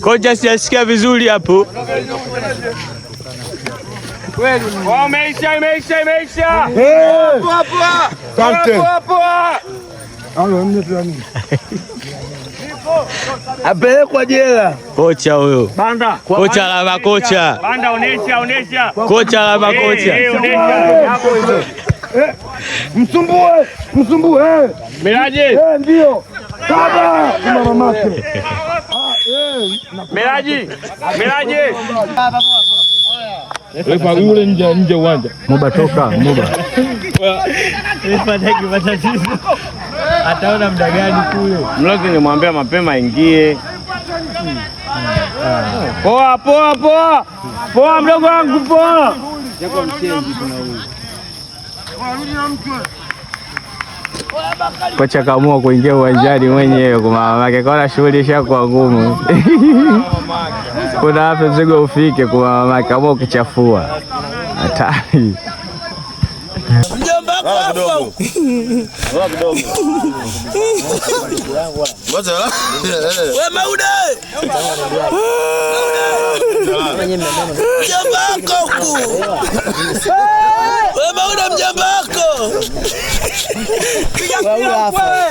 Kocha sijasikia vizuri hapo. Imeisha, imeisha, imeisha. Apelekwa jela kocha huyo, Banda. kocha la makocha, Banda onesha onesha. kocha la makocha. Msumbue, msumbue. Miraje. Ndio. Baba, mama yake. Miraji, Miraji. Refa yule nje nje uwanja. Moba toka, Moba. Refa matatizo. Ataona muda gani Mlozi mapema ingie Poa poa poa. Poa mdogo wangu poa. na mtu kocha kaamua kuingia uwanjani mwenyewe kwa mama yake, kaona shughuli ishakuwa ngumu. Kuna hapo mzigo ufike kwa mama yake, kaamua kuchafua hatari. Mjomba Rafa.